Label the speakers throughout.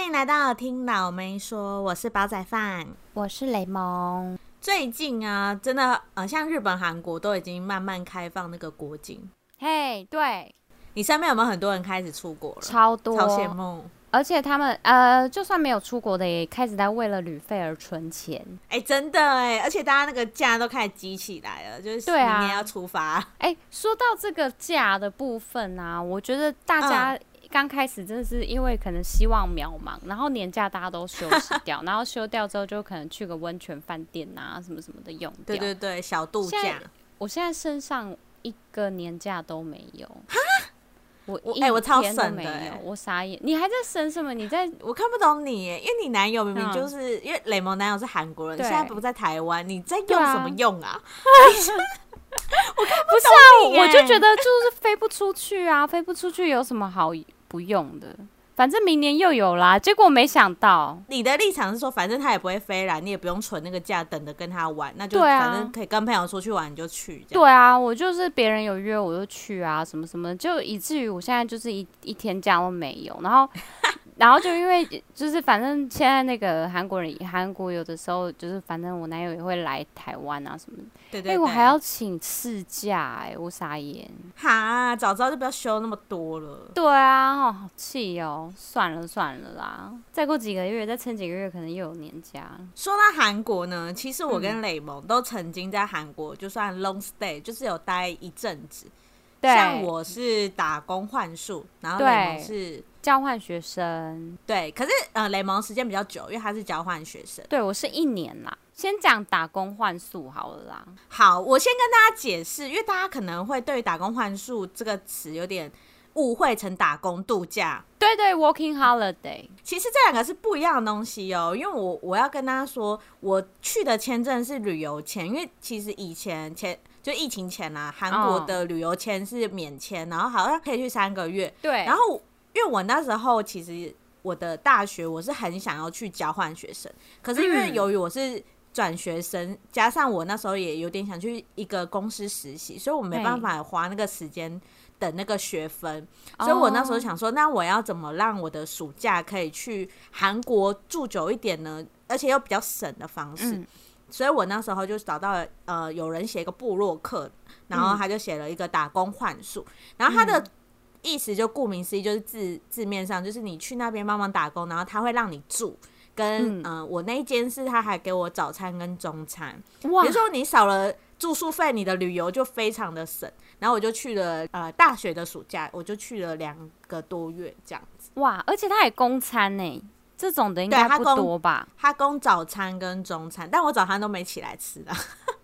Speaker 1: 歡迎來到聽老梅說，我是寶仔飯，我是蕾檬。最近啊，真的呃，像日本、韓國都已經慢慢開放那個國境。嘿
Speaker 2: ，hey, 對，
Speaker 1: 你身邊有沒有很多人開始出國了？超多，超羨慕。
Speaker 2: 而且他們呃，就算沒有出國的，也開始在為了旅費而存錢。
Speaker 1: 哎、欸，真的哎、欸，而且大家那個假都開始積起來了，就是明年要出發。哎、啊欸，說到這個假的部分
Speaker 2: 呢、啊，我覺得大家、嗯。剛開始真的是因為可能希望渺茫，然後年假大家都休息掉， 然後休掉之後就可能去個溫泉飯店啊什麼什麼的用掉。對對對，小度假。我現在身上一個年假都沒有，蛤我
Speaker 1: 我哎我超省的沒有，欸、我啥也、欸，你還在省什麼？你在？我看不懂你，因為你男友明明就是、嗯、因為蕾檬男友是韓國人，對現在不在台灣，你在用什麼用啊？對啊
Speaker 2: 我看不懂你不是啊，我就覺得就是飛不出去啊， 飛不出去有什麼好？不用的，反正明年又有啦。結果沒想到，
Speaker 1: 你的立場是說，反正他也不會飛來，你也不用存那個假，等着跟他玩。那就反正可以跟朋友出去玩，你就去。
Speaker 2: 對啊，我就是別人有約我就去啊，什麼什麼，就以至於我現在就是一一天假都沒有，然後。 然後就因為就是反正現在那個韓國人，韓國有的時候就是反正我男友也會來台灣啊什麼的，對，對,對，欸、我還要請事假哎，我傻眼。
Speaker 1: 哈，早知道就不要休那麼多了。
Speaker 2: 對啊，哦，好氣哦，算了算了啦，再過幾個月，再撐幾個月，可能又有年假。
Speaker 1: 說到韓國呢，其實我跟蕾檬都曾經在韓國，嗯、就算 long stay，就是有待一陣子。對，像我是打工換宿，然後雷蒙是
Speaker 2: 交換學生，對，
Speaker 1: 可是呃雷蒙時間比較久，因為他是交換學生，對，我是一年啦。先講打工換宿好了啦。好，我先跟大家解釋，因為大家可能會對“打工換宿”這個詞有點誤會成打工度假。對對，working holiday。其實這兩個是不一樣的東西哦，因為我我要跟大家說，我去的簽證是旅遊簽，因為其實以前前。就疫情前啊，韓國的旅遊簽是免簽，Oh. 然後好像可以去三個月。對。然後，因為我那時候其實我的大學我是很想要去交換學生，可是因為由於我是轉學生，嗯、加上我那時候也有點想去一個公司實習，所以我沒辦法花那個時間等那個學分。
Speaker 2: Hey. 所以我那時候想
Speaker 1: 說，那我要怎麼讓我的暑假可以去韓國住久一點呢？而且又比較省的方式。嗯所以我那時候就找到了，呃，有人寫一個部落客，然後他就寫了一個打工換宿。嗯、然後他的意思就顧名思義，就是字字面上就是你去那邊幫忙打工，然後他會讓你住，跟嗯、呃，我那間是他還給我早餐跟中餐，哇比如說你少了住宿費，你的旅遊就非常的省。然後我就去了，呃，大學的暑假我就去了兩個多月這樣子，哇，
Speaker 2: 而且他還供餐呢、欸。這種的應該不多吧？
Speaker 1: 他供早餐跟中餐，但我早餐都沒起來吃了，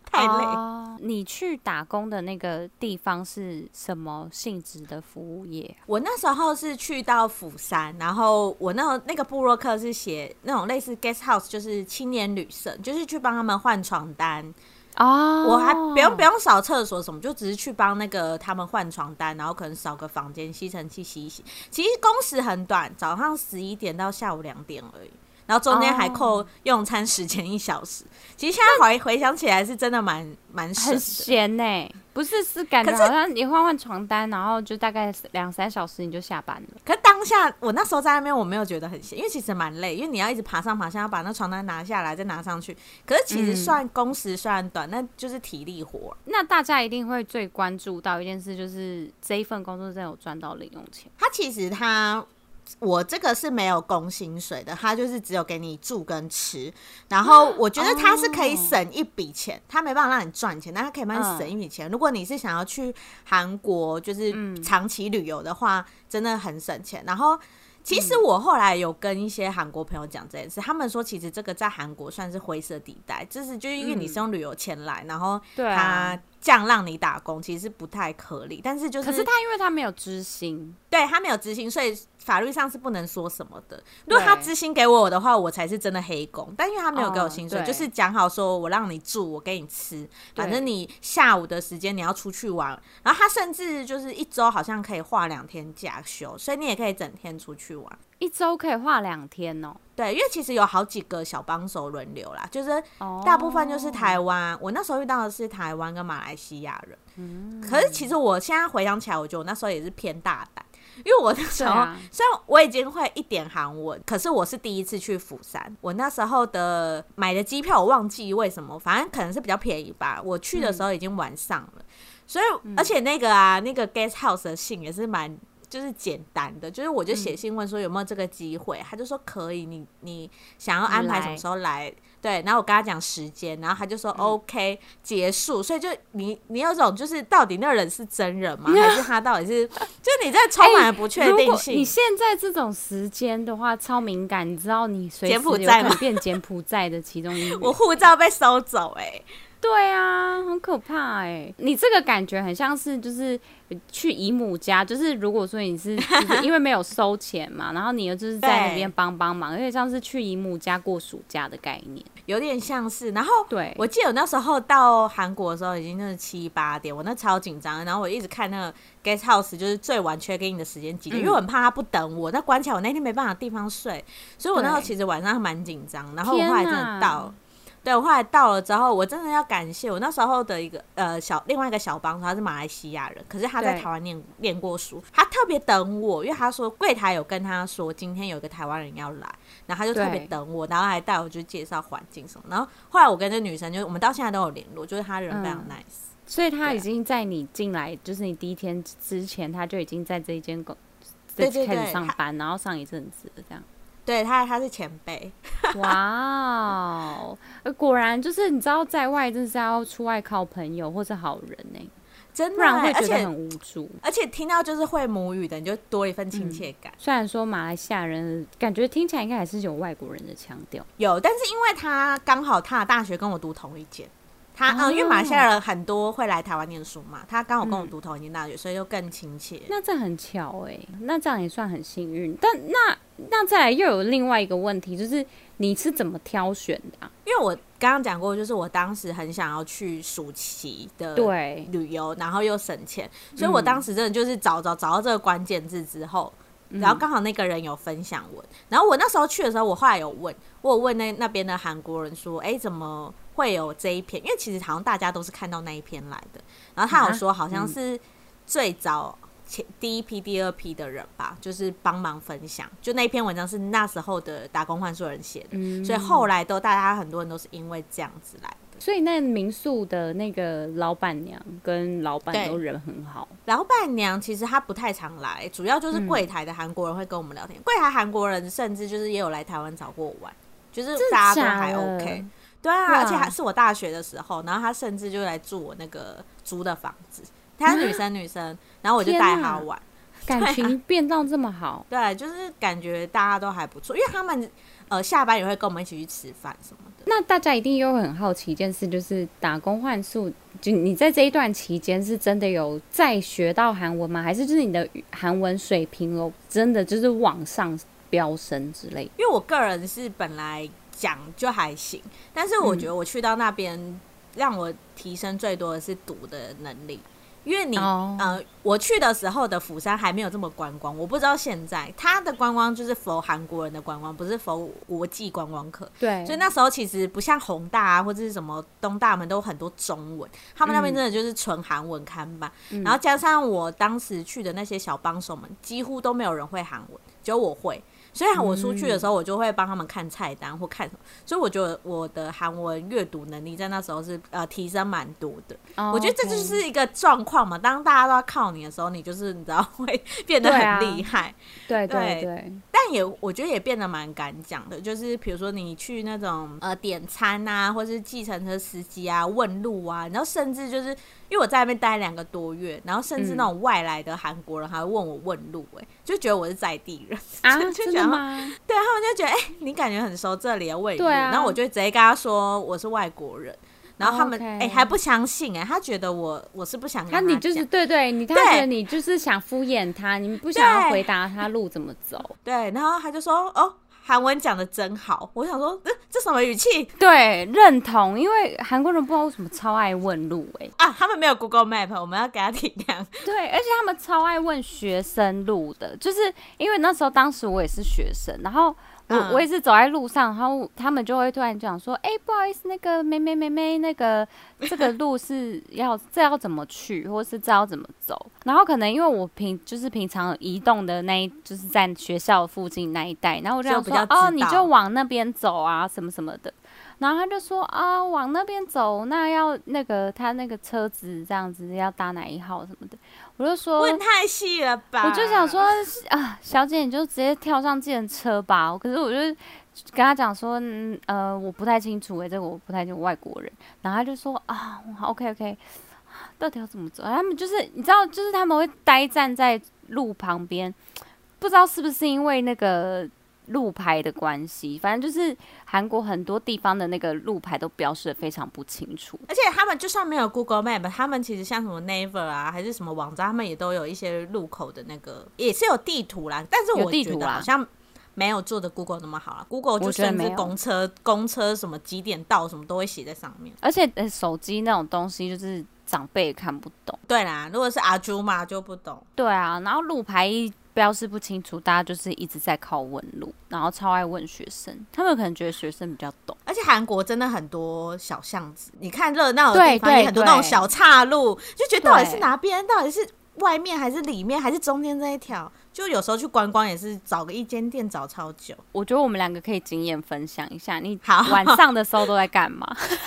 Speaker 1: 太累。Uh,
Speaker 2: 你去打工的那個地方是什麼性質的服務
Speaker 1: 業？Yeah. 我那時候是去到釜山，然後我那個、那個部落客是寫那種類似 guest house，就是青年旅社，就是去幫他們換床單。哦，oh. 我還不用不用掃廁所什麼，就只是去幫那個他們換床單，然後可能掃個房間，吸塵器洗一洗。其實工時很短，早上十一點到下午兩點而已。然後中間還扣用餐時間一小時，其實現在回回想起來是真的蠻蠻閒的。閒呢，不是是感覺好像
Speaker 2: 你換換床單，然後就大概
Speaker 1: 兩三小時，你就下班了。可當下我那時候在那邊我沒有覺得很閒，因為其實蠻累，因為你要一直爬上爬下，要把那床單拿下來再拿上去。可是其實算工時雖然短，那就是體力活。那大家一定會最關注到一件事，就是這一份工作在有賺到零用錢。他其實他。我這個是沒有工薪水的，他就是只有給你住跟吃，然後我覺得他是可以省一筆錢，他、嗯哦、沒辦法讓你賺錢，但他可以幫你省一筆錢。嗯、如果你是想要去韓國，就是長期旅遊的話，嗯、真的很省錢。然後其實我後來有跟一些韓國朋友講這件事，嗯、他們說其實這個在韓國算是灰色地帶，就是就因為你是用旅遊錢來，嗯、然後他、對啊。這樣讓你打工其實不太合理，但是就是可是他因為他沒有執行，對他沒有執行，所以法律上是不能說什麼的。對如果他執行給我的話，我才是真的黑工。但因為他沒有給我薪水，哦、就是講好說，我讓你住，我給你吃，反正你下午的時間你要出去玩。對然後他甚至就是一周好像可以放兩天假休，所以你也可以整天出去玩。一周可以畫兩天哦，對，因為其實有好幾個小幫手輪流啦，就是大部分就是台灣，oh. 我那時候遇到的是台灣跟馬來西亞人，嗯、可是其實我現在回想起來，我覺得我那時候也是偏大膽，因為我那時候、啊、雖然我已經會一點韓文，可是我是第一次去釜山，我那時候的買的機票我忘記為什麼，反正可能是比較便宜吧，我去的時候已經晚上了，嗯、所以而且那個啊，那個 guest house 的信也是蠻。就是簡單的，就是我就寫信問說有沒有這個機會，嗯、他就說可以。你你想要安排什麼時候來？來對，然後我跟他講時間，然後他就說 OK、嗯、結束。所以就你你有種就是到底那個人是真人嗎？嗯、還是他到底是 就你在充滿了不確定性。欸、你現
Speaker 2: 在這種時間的話超敏感，你知道你柬埔寨嗎？變柬埔寨的其中一、欸、 我護
Speaker 1: 照被收走哎、欸。對啊，
Speaker 2: 很可怕哎、欸！你這個感覺很像是就是去姨母家，就是如果說你是，你是因為沒有收錢嘛， 然後你又就是在那邊幫幫忙，有點像是去姨母
Speaker 1: 家過暑假的概念，有點像是。然後，對，我記得我那時候到韓國的時候已經就是七八點，我那超緊張，然後我一直看那個 guest house，就是最晚 check in 的時間幾點，嗯、因為我很怕他不等我。那關卡我那天沒辦法地方睡，所以我那時候其實晚上蠻緊張，然後我後來真的到。對，我後來到了之後，我真的要感謝我那時候的一個呃小，另外一個小幫手，他是馬來西亞人，可是他在台灣念念對過書，他特別等我，因為他說櫃檯有跟他說今天有一個台灣人要來，然後他就特別等我，對然後還帶我去介紹環境什麼，然後後來我跟這女生就我們到現在都有聯絡，就是他人非常 nice，、嗯、
Speaker 2: 所以他已經在你進來對就是你第一天之前，他就已經在這一間公
Speaker 1: 司開始上
Speaker 2: 班，對對對然後上一陣子這樣。
Speaker 1: 對他，他是前輩。
Speaker 2: 哇哦，果然就是你知道，在外就是要出外靠朋友，或是好人呢，真的，不然會覺得很
Speaker 1: 無助而。
Speaker 2: 而且聽到就是會母語的，你就多一份親切感。嗯。雖然說馬來西亞人感覺聽起來應該還是有外國人的
Speaker 1: 腔調，有，但是因為他剛好他的大學跟我讀同一間。
Speaker 2: 他嗯、哦呃，因為馬來西亞人
Speaker 1: 很多會來台灣念書嘛，他剛好跟我讀同一間大學，嗯、所以就更親切。那這很
Speaker 2: 巧哎、欸，那這樣也算很幸運。但那那再來又有另外一個問題，就是你是怎麼挑選的、
Speaker 1: 啊？因為我剛剛講過，就是我當時很想要去暑期的旅對旅遊，然後又省錢，所以我當時真的就是找找、嗯、找到這個關鍵字之後，嗯、然後剛好那個人有分享我，然後我那時候去的時候，我後來有問我有問那那邊的韓國人說，哎、欸，怎麼？會有這一篇，因為其實好像大家都是看到那一篇來的。然後他有說，好像是最早前第一批、第二批的人吧，啊嗯、就是幫忙分享。就那一篇文章是那時候的打工換宿人寫的，嗯、所以後來都大家很多人都是因為這樣子來
Speaker 2: 的。所以那民宿的那個老闆娘跟老闆都人很好。
Speaker 1: 老闆娘其實她不太常來，主要就是櫃檯的韓國人會跟我們聊天。嗯、櫃檯韓國人甚至就是也有來台灣找過我玩，就是大家都還 OK。對啊，哇而且還是我大學的時候，然後他甚至就來住我那個租的房子。他是女生女生，啊、然後我就帶他玩，啊啊、感情變到這麼好對、啊。對，就是感覺大家都還不錯，因為他們呃下班也會跟我們一起去吃飯什麼的。
Speaker 2: 那大家一定又很好奇一件事，就是打工換宿，就你在這一段期間是真的有再學到韓文嗎？還是就是你的韓文水平哦，真的就是往上飆升之類？
Speaker 1: 因為我個人是本來。講就還行，但是我覺得我去到那邊，讓我提升最多的是讀的能力，嗯、因為你嗯、oh. 呃，我去的時候的釜山還沒有這麼觀光，我不知道現在它的觀光就是 for 韓國人的觀光，不是 for 國際觀光客。對，所以那時候其實不像弘大，啊、或者是什麼東大門都有很多中文，他們那邊真的就是純韓文看板。嗯、然後加上我當時去的那些小幫手們幾乎都沒有人會韓文，只有我會。所以我出去的時候，我就會幫他們看菜單或看什麼，所以我覺得我的韓文閱讀能力在那時候是呃提升蠻多的。我覺得這就是一個狀況嘛，當大家都要靠你的時候，你就是你知道會變得很厲害，對對對。但也我覺得也變得蠻敢講的，就是比如說你去那種呃點餐啊，或是計程車司機啊問路啊，然後甚至就是。因為我在那邊待兩個多月，然後甚至那種外來的韓國人還會問我問路、欸，嗯、就覺得我是在地人真的嗎？對，他們就覺得哎、欸，你感覺很熟這裡的位置，啊、然後我就直接跟他說我是外國人，然後他們哎、oh, okay 欸、還不相信、欸、他覺得我我是不想跟他，那
Speaker 2: 你就是對對，你他覺得你就是想敷衍他，對他你不想要回答他路怎麼走，
Speaker 1: 對，然後他就說哦。韓文講得真好，我想說，欸、這什麼語
Speaker 2: 氣？對，認同，因為韓國人不知道為什麼超愛問路、
Speaker 1: 欸，哎，啊，他們沒有 Google Map，我們要給他體諒。
Speaker 2: 對，而且他們超愛問學生路的，就是因為那時候，當時我也是學生，然後。嗯、我我也是走在路上，然後他們就會突然講說：“哎、欸，不好意思，那個妹妹妹妹，那個這個路是要 這要怎麼去，或是這要怎麼走？”然後可能因為我平就是平常移動的那一，就是在學校附近那一帶，然後我就想說：“哦，你就往那邊走啊，什麼什麼的。”然後他就說：“啊、哦，往那邊走，那要那個他那個車子這樣子要搭哪一號什麼的。”我就說，問太細了吧。我就想說，啊，小姐你就直接跳上計程車吧。可是我就跟他講說、嗯，呃，我不太清楚、欸、這個我不太清楚，外國人。然後他就說，啊，OK OK，到底要怎麼走？他們就是你知道，就是他們會呆站在路旁邊，不知道是不是因為那個。路牌的關係，反正就是韓國很多地方的那個路牌都標示的非常不清楚，
Speaker 1: 而且他們就算沒有 Google Map，他們其實像什麼 Naver 啊，還是什麼網站，他們也都有一些路口的那個，也是有地圖啦。但是我地圖好像沒有做的 Google 那麼好了。Google 就甚至公車、公車什麼幾點到什麼都會寫在上面。
Speaker 2: 而且手機那種東西，就是長輩也看不懂。
Speaker 1: 對啦，如果是阿朱嘛就不懂。
Speaker 2: 對啊，然後路牌一標示不清楚，大家就是一直在靠問路，然後超愛問學生，他們可能覺得學生比較懂。而
Speaker 1: 且韓國真的很多小巷子，你看熱鬧的地方也很多那種小岔路，對對對，就覺得到底是哪邊，對到底是外面還是裡面，還是中間這一條？就有時候去觀光也是找個一間店找超久。我覺得我們兩個可以經驗分
Speaker 2: 享一下，你晚上的時候都在幹嘛？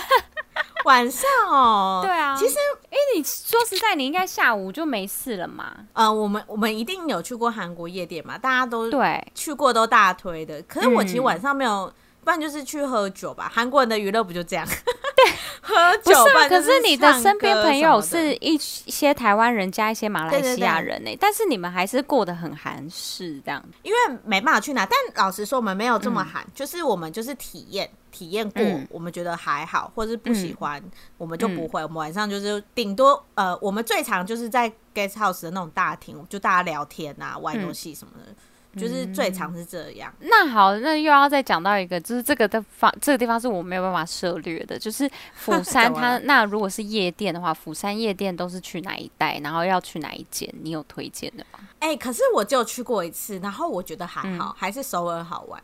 Speaker 2: 晚上哦、喔，對啊，其實，
Speaker 1: 哎、欸，你說實在，你應該下午就沒事了嘛。嗯、呃，我們我們一定有去過韓國夜店嘛，大家都對去過都大推的。對可是我其實晚上沒有。不然就是去喝酒吧，韓國人的娛樂不就這樣？ 對，喝酒不，是吧？不是，可是你的身邊朋友是
Speaker 2: 一些台灣人加一些馬來西亞人呢、欸，對對對，但是你們還是過得
Speaker 1: 很韓式這樣。因為沒辦法去哪，但老實說，我們沒有這麼韓，嗯、就是我們就是體驗體驗過，我們覺得還好，嗯、或者是不喜歡，我們就不會。嗯、我們晚上就是頂多呃，我們最常就是在 guest house 的那種大廳，就大家聊天啊、玩遊戲什麼的。嗯就是最常是這樣。嗯、
Speaker 2: 那好，那又要再講到一個，就是這個的方這個地方是我沒有辦法涉獵的。就是釜山它，它、 嗯、那如果是夜店的話，釜山夜店都是去哪一帶？然後要去哪一間？你有推薦的嗎？
Speaker 1: 哎、欸，可是我就去過一次，然後我覺得還好，嗯、還是首爾好玩。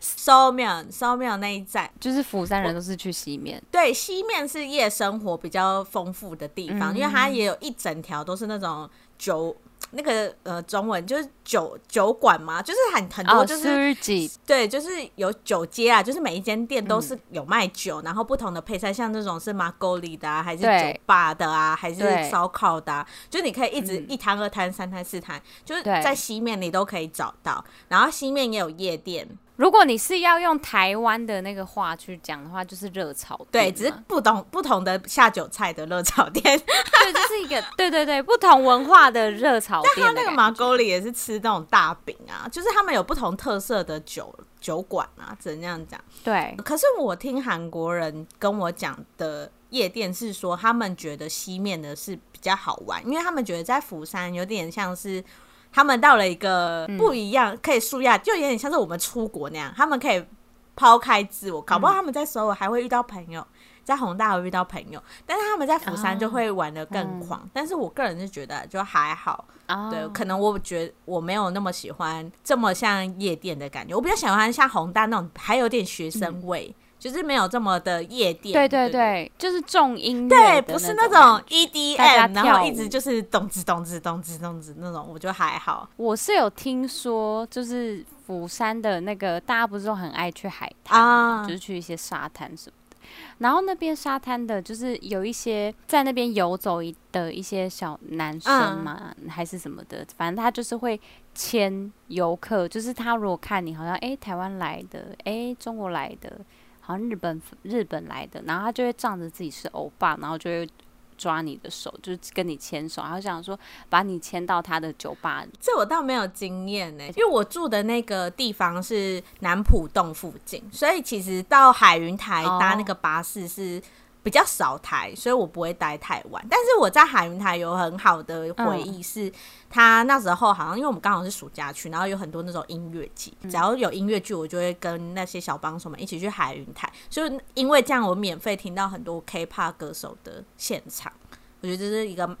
Speaker 1: 西面，西面、so、那一站，
Speaker 2: 就是釜山人都是去西面。
Speaker 1: 對，西面是夜生活比較豐富的地方，嗯嗯，因為它也有一整條都是那種酒。那個呃，中文就是酒酒館嘛，就是很很多，就是、哦、對，就是有酒街啊，就是每一間店都是有賣酒，嗯、然後不同的配菜，像這種是馬格利的啊，還是酒吧的啊，對還是燒烤的啊，就你可以一直一攤、二攤、嗯、三攤、四攤，就是在西面你都可以找到，然後西面也有夜店。如果你是要用台灣的那個話去講的話，就是熱炒店，對，只是不同不同的下酒菜的熱炒店， 對，就是一個對對對不同文化的熱炒店。那個 馬格利也是吃那種大餅啊，就是他們有不同特色的酒酒館啊，只能這樣講。對，可是我聽韓國人跟我講的夜店是說，他們覺得西面的是比較好玩，因為他們覺得在釜山有點像是。他們到了一個不一樣，可以紓壓，嗯、就有點像是我們出國那樣。他們可以拋開自我，搞不好他們在首爾、嗯、還會遇到朋友，在弘大會遇到朋友，但是他們在釜山就會玩得更狂。哦嗯、但是我個人是覺得就還好，哦、對，可能我覺得我沒有那麼喜歡這麼像夜店的感覺，我比較喜歡像弘大那種還有點學生味。嗯就是沒有這麼的夜店，對對對，
Speaker 2: 對就是重音樂，對，不是那種 EDM，然後一直就
Speaker 1: 是咚吱咚吱咚吱咚吱那種，我覺得還好。
Speaker 2: 我是有聽說，就是釜山的那個，大家不是都很愛去海灘、啊、就是去一些沙灘什麼的。然後那邊沙灘的，就是有一些在那邊遊走的一些小男生嘛，嗯、還是什麼的，反正他就是會牽遊客，就是他如果看你好像哎、欸、台灣來的，哎、欸、中國來的。好像日本日本來的，然後他就會仗着自己是歐巴，然後就會抓你的手，就是跟你牽手，然後想說把你牽到他的酒吧。
Speaker 1: 這我倒沒有經驗呢、欸，因為我住的那個地方是南浦洞附近，所以其實到海雲台搭那個巴士是、哦。比較少台，所以我不會待太晚。但是我在海雲台有很好的回憶，是他那時候好像因為我們剛好是暑假去，然後有很多那種音樂劇，只要有音樂劇，我就會跟那些小幫手們一起去海雲台。所以因為這樣，我免費聽到很多 K-pop 歌手的現場，我覺得這是一個。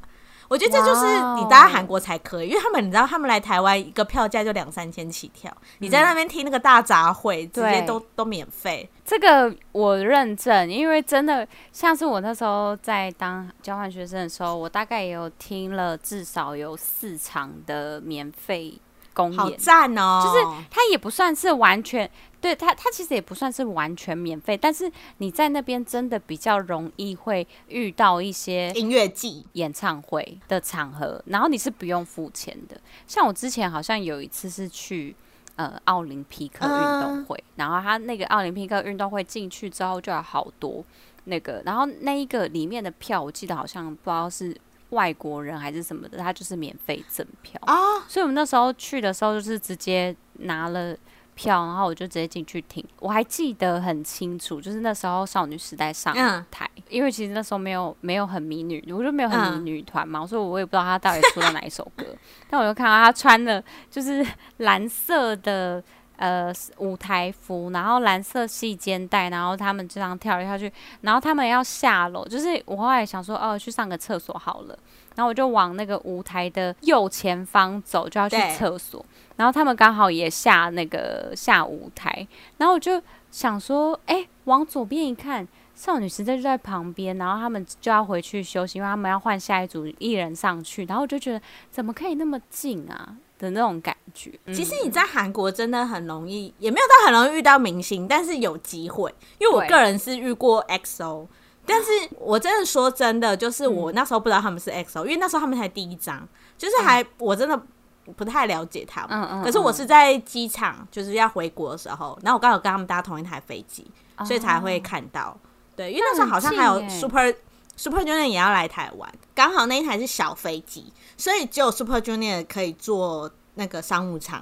Speaker 1: 我覺得這就是你待在韓國才可以，Wow 因為他們你知道他們來台灣一個票價就兩三千起跳，嗯、你在那邊聽那個大雜燴，直接都都免費。
Speaker 2: 這個我認證，因為真的像是我那時候在當交換學生的時候，我大概也有聽了至少有四場的免費公演，好讚哦！就是它也不算是完全，對，它它其實也不算是完全免費，但是你在那邊真的比較容易會遇到一些音樂祭演唱會的場合，然後你是不用付錢的。像我之前好像有一次是去呃奧林匹克運動會，嗯、然後它那個奧林匹克運動會進去之後就有好多那個，然後那一個裡面的票我記得好像不知道是。外國人還是什麼的，他就是免費贈票，oh. 所以我們那時候去的時候，就是直接拿了票，然後我就直接進去聽。我還記得很清楚，就是那時候少女時代上台，uh. 因為其實那時候沒有沒有很迷女，我就沒有很迷女團嘛，uh. 所以我也不知道她到底出了哪一首歌， 但我就看到她穿了就是藍色的。呃，舞台服，然後藍色細肩帶，然後他們經常跳來跳去，然後他們要下樓，就是我後來想說，哦，去上個廁所好了，然後我就往那個舞台的右前方走，就要去廁所，對然後他們剛好也下那個下舞台，然後我就想說，哎、欸，往左邊一看，少女時代就在旁邊，然後他們就要回去休息，因為他們要換下一組藝人上去，然後我就覺得，怎麼可以那麼近啊？的那種感覺，嗯、其實你在
Speaker 1: 韓國真的很容易，也沒有到很容易遇到明星，但是有機會，因為我個人是遇過 EXO，對但是我真的說真的，就是我那時候不知道他們是 EXO，、嗯、因為那時候他們才第一張，就是還、嗯、我真的不太了解他們，嗯嗯嗯嗯。可是我是在機場就是要回國的時候，然後我剛好跟他們搭同一台飛機，所以才會看到，嗯、對，因為那時候好像還有 Super、欸。Super Junior 也要來台灣，剛好那一台是小飛機，所以只有 Super Junior 可以坐那個商務艙、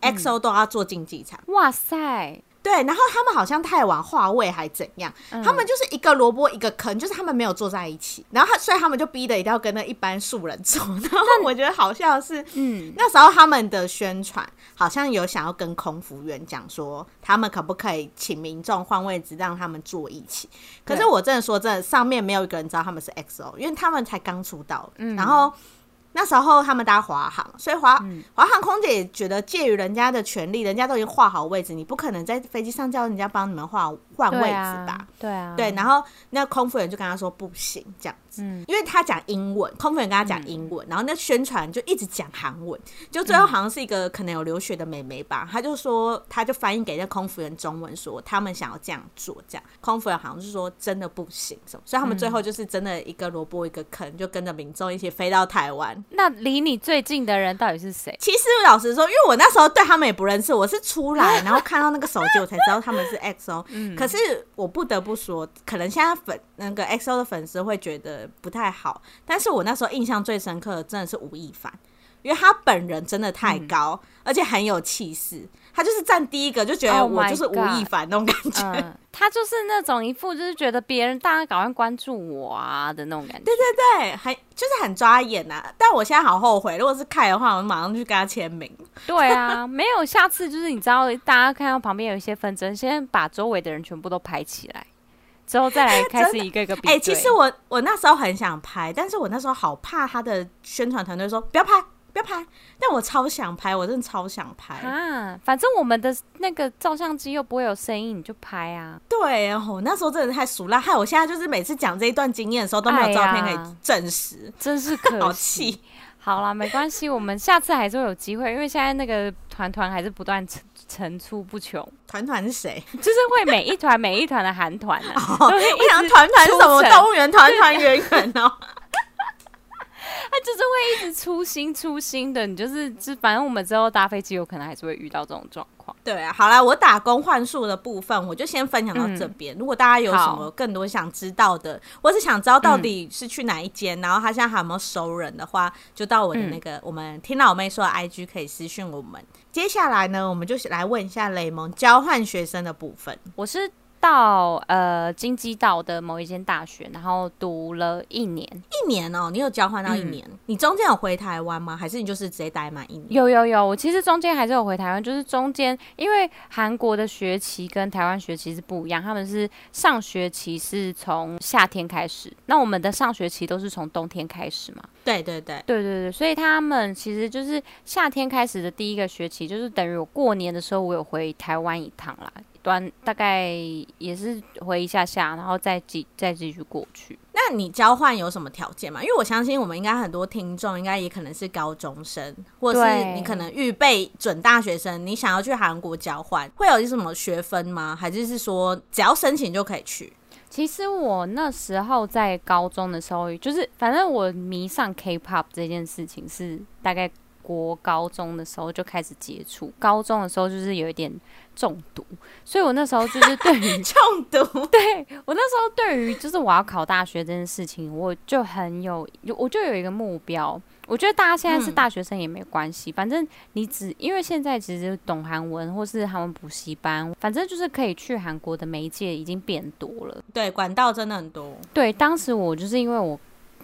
Speaker 1: 嗯、EXO 都要坐經濟艙，哇塞！對，然後他們好像太晚換位還怎樣，嗯、他們就是一個蘿蔔一個坑，就是他們沒有坐在一起，然後他所以他們就逼得一定要跟那一般素人坐，然後我覺得好像是，嗯嗯、那時候他們的宣傳好像有想要跟空服員講說，他們可不可以請民眾換位置讓他們坐一起，對可是我真的說真的，上面沒有一個人知道他們是 XO，因為他們才剛出道，嗯、然後。那時候他們搭華航，所以華華航空姐覺得介於人家的權利，嗯、人家都已經畫好位置，你不可能在飛機上叫人家幫你們換換位置吧？對啊，
Speaker 2: 對啊，對，
Speaker 1: 然後那空服人就跟他說不行，這樣。嗯，因為他講英文，空服員跟他講英文，嗯、然後那宣傳就一直講韓文，嗯、就最後好像是一個可能有留學的美眉吧，她、嗯、就說，她就翻譯給那空服人中文說，他們想要這樣做，這樣，空服人好像是說真的不行什麼，所以他們最後就是真的一個蘿蔔一個坑，嗯、就跟着民眾一起飛到台灣。
Speaker 2: 那離你最近的人到底是誰？其
Speaker 1: 實老實說，因為我那時候對他們也不認識，我是出來然後看到那個手機我才知道他們是 EXO、 嗯。可是我不得不說，可能現在粉那個 EXO 的粉絲會覺得。不太好，但是我那時候印象最深刻的真的是吳亦凡，因為他本人真的太高，嗯、而且很有氣勢，他就是站第一個就覺得我就是吳亦凡、oh、my God，那種感覺、嗯，
Speaker 2: 他就是那種一副就是覺得別人大家趕快關注我啊的那種感覺，對
Speaker 1: 對對，還就是很抓眼吶、啊。但我現在好後悔，如果是看的話，我馬上去跟他簽名。對啊，沒有，下次就是你知道， 大家看到旁邊有一些紛爭，先把周圍的人全部都拍起來。之後再來開始一個一個比哎、欸欸，其實我我那時候很想拍，但是我那時候好怕他的宣傳團隊說不要拍不要拍，但我超想拍，我真的超想拍啊！
Speaker 2: 反正我們的那個照相機又不會有聲音，你就拍啊！
Speaker 1: 對啊，我那時候真的太俗辣了，害我現在就是每次講這一段經驗的時候都沒有照片可以證實，哎、真是可氣！ 好了氣，沒關係， 我們下次還是會有機
Speaker 2: 會，因為現在那個團團還是不斷。層出不窮，團團是誰？就是會每一團 每一團的韓團啊！我想團團什麼動物園團團圓
Speaker 1: 圓哦。對
Speaker 2: 他就是會一直粗心粗心的，你就是，就反正我們
Speaker 1: 之後搭飛機，有可能還是會遇到這種狀況。對啊，好啦，我打工換宿的部分，我就先分享到這邊。嗯、如果大家有什麼更多想知道的，或好是想知道到底是去哪一間，嗯、然後他現在還有沒有熟人的話，就到我的那個，嗯、我們聽老妹說的，IG 可以私訊我們。接下來呢，我們就來問一下蕾檬交換學生的部分。我是。到呃京畿道的某一間大學，然後讀了一年，一年哦、喔，你有交換到一年？嗯、你中間有回台灣嗎？還是你就是直接待滿一年？
Speaker 2: 有有有，我其實中間還是有回台灣，就是中間因為韓國的學期跟台灣學期是不一樣，他們是上學期是從夏天開始，那我們的上學期都是從冬天開始嘛？
Speaker 1: 對對對，
Speaker 2: 對對對，所以他們其實就是夏天開始的第一個學期，就是等於我過年的時候，我有回台灣一趟啦。端大概也是回一下下，然後再繼再繼續過去。
Speaker 1: 那你交換有什麼條件嗎？因為我相信我們應該很多聽眾應該也可能是高中生，或者是你可能預備準大學生，對你想要去韓國交換，會有什麼學分嗎？還是是說只要申請就可以去？
Speaker 2: 其實我那時候在高中的時候，就是反正我迷上 K-pop 這件事情是大概國高中的時候就開始接觸，高中的時候就是有一點。中毒，所以我那時候就是對於 中毒對，對我那時候對於就是我要考大學這件事情，我就很有，我就有一個目標。我覺得大家現在是大學生也沒關係，嗯。反正你只因為現在其實懂韓文或是韓文補習班，反正就是可以去韓國的媒介已經變多了。
Speaker 1: 對，管道真的很多。
Speaker 2: 對，當時我就是因為我。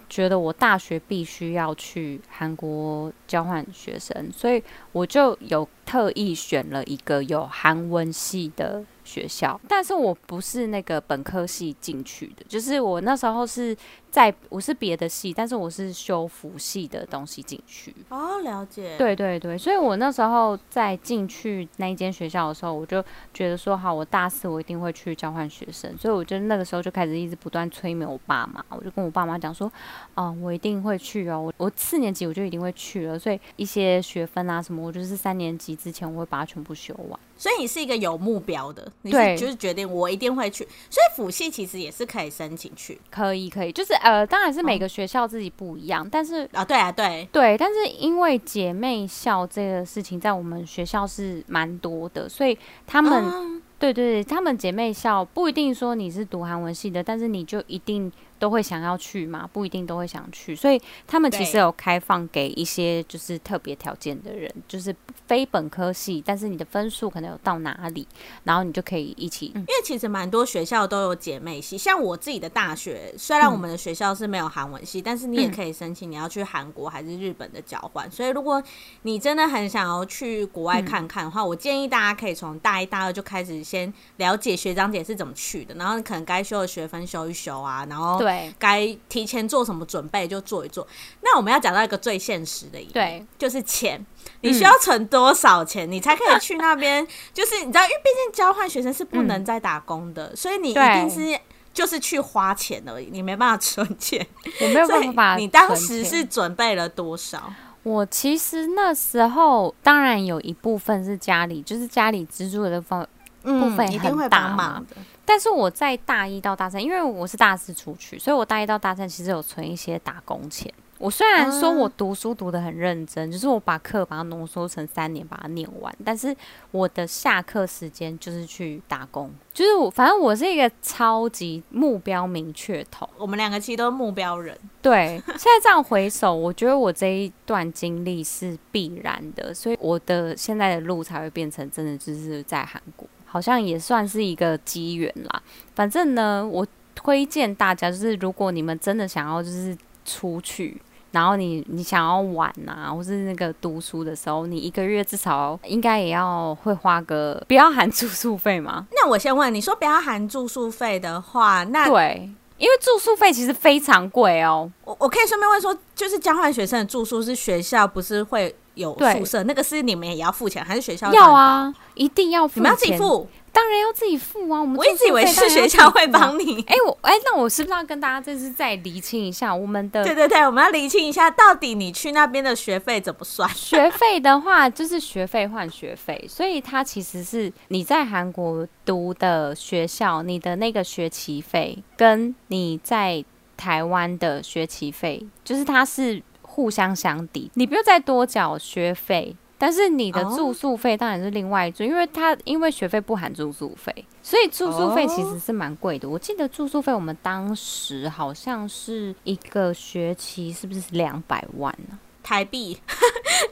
Speaker 2: 覺得我大學必須要去韓國交換學生，所以我就有特意選了一個有韓文系的學校，但是我不是那個本科系進去的，就是我那時候是。在我是別的系，但是我是修輔系的東西進去
Speaker 1: 哦，了解。對對
Speaker 2: 對，所以我那時候在進去那一間學校的時候，我就覺得說，好，我大四我一定會去交換學生，所以我就那個時候就開始一直不斷催眠我爸媽，我就跟我爸媽講說，嗯，我一定會去哦，我我四年級我就一定會去了，所以一些學分啊什麼，我就是三年級之前我會把它全部修完。
Speaker 1: 所以你是一個有目標的，你是就是決定我一定會去。對所以輔系其實也是可以申請去，
Speaker 2: 可以可以，就是。呃，當然是每個學校自己不一樣，哦、但是啊、哦，對啊，對對，但是因為姐妹校這個事情在我們學校是蠻多的，所以他們、哦、對對對，他們姐妹校不一定說你是讀韓文系的，但是你就一定。都會想要去嗎？不一定都會想去，所以他們其實有開放給一些就是特別條件的人，對就是非本科系，但是你的分數可能有到哪裡，然後你就可以一起。嗯、因
Speaker 1: 為其實蠻多學校都有姐妹系，像我自己的大學，雖然我們的學校是沒有韓文系，嗯、但是你也可以申請你要去韓國還是日本的交換。嗯、所以如果你真的很想要去國外看看的話，嗯、我建議大家可以從大一、大二就開始先了解學長姐是怎麼去的，然後你可能該修的學分修一修啊，然後對。該提前做什麼準備就做一做。那我們要講到一個最現實的，一對，就是錢，你需要存多少錢？嗯、你才可以去那邊？ 就是你知道，因為畢竟交換學生是不能再打工的，嗯、所以你一定是就是去花錢而已，你沒辦法存錢。我沒有辦法。 你當時是準備了多少？我，
Speaker 2: 我其實那時候當然有一部分是家裡，就是家裡資助的方部分，嗯，部分一定會幫忙嘛。但是我在大一到大三，因為我是大四出去，所以我大一到大三其實有存一些打工錢。我雖然說我讀書讀得很認真，嗯、就是我把課把它濃縮成三年把它念完，但是我的下課時間就是去打工。就是我反正我是一個超級目標明確頭，
Speaker 1: 我們兩個其實都是目標人。
Speaker 2: 對，現在這樣回首，我覺得我這一段經歷是必然的，所以我的現在的路才會變成真的就是在韓國。好像也算是一個機緣啦。反正呢，我推薦大家，就是如果你們真的想要就是出去，然後你你想要玩啊，或是那個讀書的時候，你一個月至少應該也要會花個，不要含住宿費嗎？
Speaker 1: 那我先問你說，不要含住宿費的話，那對，因為住宿費其實非常貴哦。我我可以順便問說，就是交換學生的住宿是學校不是會？有宿舍，對那個是你們也要付錢，還是學校要啊？
Speaker 2: 一定要付錢。你們要自己付，當然要自己付啊。我們自己我一直以為是學校會幫你。哎、啊欸，我哎、欸，那我是不是要跟大家就是再釐清一下我們的？ 對對
Speaker 1: 對，我們要釐清一下，到底你去那邊的學費怎麼算？
Speaker 2: 學費的話，就是學費換學費，所以它其實是你在韓國讀的學校，你的那個學期費跟你在台灣的學期費，就是它是。互相相抵，你不用再多繳學費，但是你的住宿費當然是另外一種，因為他，因為學費不含住宿費，所以住宿費其實是蠻貴的。我記得住宿費我們當時好像是一個學期，是不是兩百萬呢、啊？
Speaker 1: 台幣，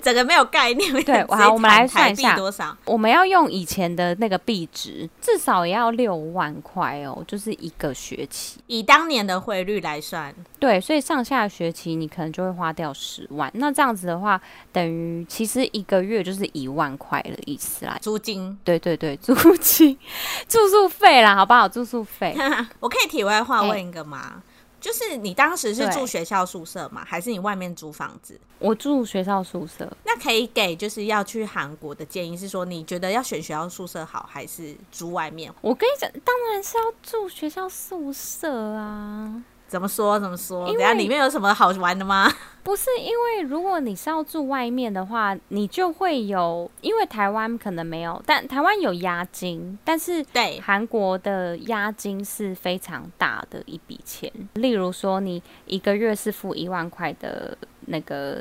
Speaker 1: 整個沒有概念。對，好，我們來算一下，
Speaker 2: 我們要用以前的那個幣值，至少也要六萬塊哦，就是一個學期。
Speaker 1: 以當年的匯率來算，
Speaker 2: 對，所以上下的學期你可能就會花掉十萬。那這樣子的話，等於其實一個月就是一萬塊的意思啦。租金，對對對，租金、 住宿費啦，好不好？住宿費，
Speaker 1: 我可以題外話問一個嗎？欸就是你當時是住學校宿舍嗎？對還是你外面租房子？
Speaker 2: 我住學校宿舍。
Speaker 1: 那可以給就是要去韓國的建議是說，你覺得要選學校宿舍好還是租外面？我跟你講，當然是要住學校宿舍啊。怎麼說？怎麼說？等下裡面有什麼好玩的嗎？
Speaker 2: 不是因為如果你是要住外面的話，你就會有，因為台灣可能沒有，但台灣有押金，但是對韓國的押金是非常大的一筆錢。例如說，你一個月是付一萬塊的那個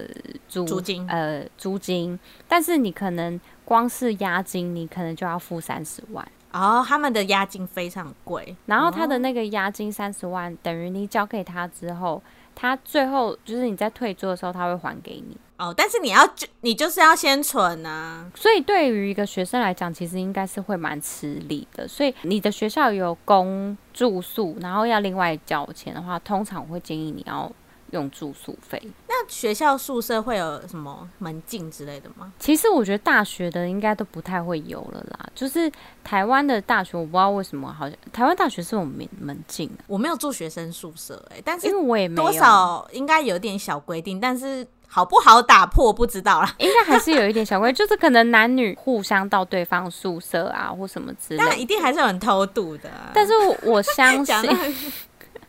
Speaker 2: 租租金，呃，租金，但是你可能光是押金，你可能就要付三十萬。
Speaker 1: 哦，他們的押金非常貴，
Speaker 2: 然後他的那個押金三十萬，哦，等於你交給他之後，他最後就是你在退租的時候他會還給你
Speaker 1: 哦。但是你要就你就是要先存啊，
Speaker 2: 所以對於一個學生來講，其實應該是會蠻吃力的。所以你的學校有供住宿，然後要另外交錢的話，通常我會建議你要。用住宿費，那
Speaker 1: 學校宿舍會有什麼門禁之類的嗎？
Speaker 2: 其實我覺得大學的應該都不太會有了啦。就是台灣的大學，我不知道為什麼好，好
Speaker 1: 像台灣大學是有門門禁的、啊。我沒有住學生宿舍、欸，哎，但是因為我也沒多少，應該有點小規定，但是好不好打破不知道啦。應該還是有一點小規定，就
Speaker 2: 是可能男女互相到對方宿舍啊，或什麼之類的，那一定還
Speaker 1: 是很偷渡的、啊。
Speaker 2: 但是我，我相信。